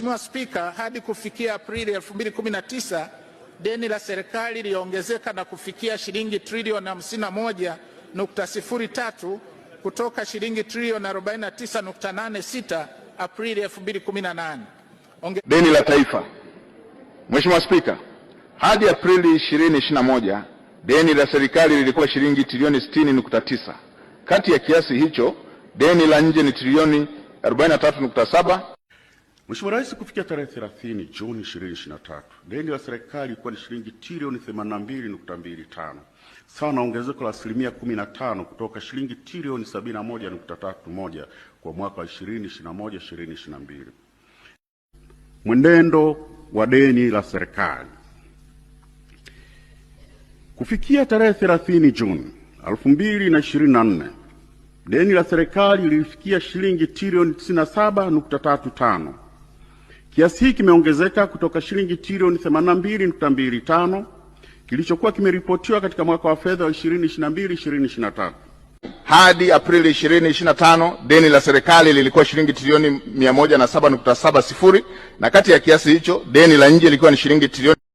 Mheshimiwa Spika, hadi kufikia Aprili 2019 deni la serikali liliongezeka na kufikia shilingi trilioni 51.03 kutoka shilingi trilioni 49.86 Aprili 2018. Onge... deni la taifa. Mheshimiwa Spika, hadi Aprili 2021 deni la serikali lilikuwa shilingi trilioni 60.9. Kati ya kiasi hicho deni la nje ni trilioni 43.7. Mheshimiwa Rais, kufikia tarehe 30 Juni 2023 deni la serikali lilikuwa ni shilingi trilioni 82.25 sawa na ongezeko la asilimia 15 kutoka shilingi trilioni 71.31 kwa mwaka wa 2021 2022. Mwenendo wa deni la serikali kufikia tarehe 30 Juni 2024 deni la serikali lilifikia shilingi trilioni 97.35 Kiasi hii kimeongezeka kutoka shilingi trilioni 82.25 kilichokuwa kimeripotiwa katika mwaka wa fedha wa 2022/2023. Hadi Aprili 2025 deni la serikali lilikuwa shilingi trilioni 107.70 na kati ya kiasi hicho deni la nje lilikuwa ni shilingi trilioni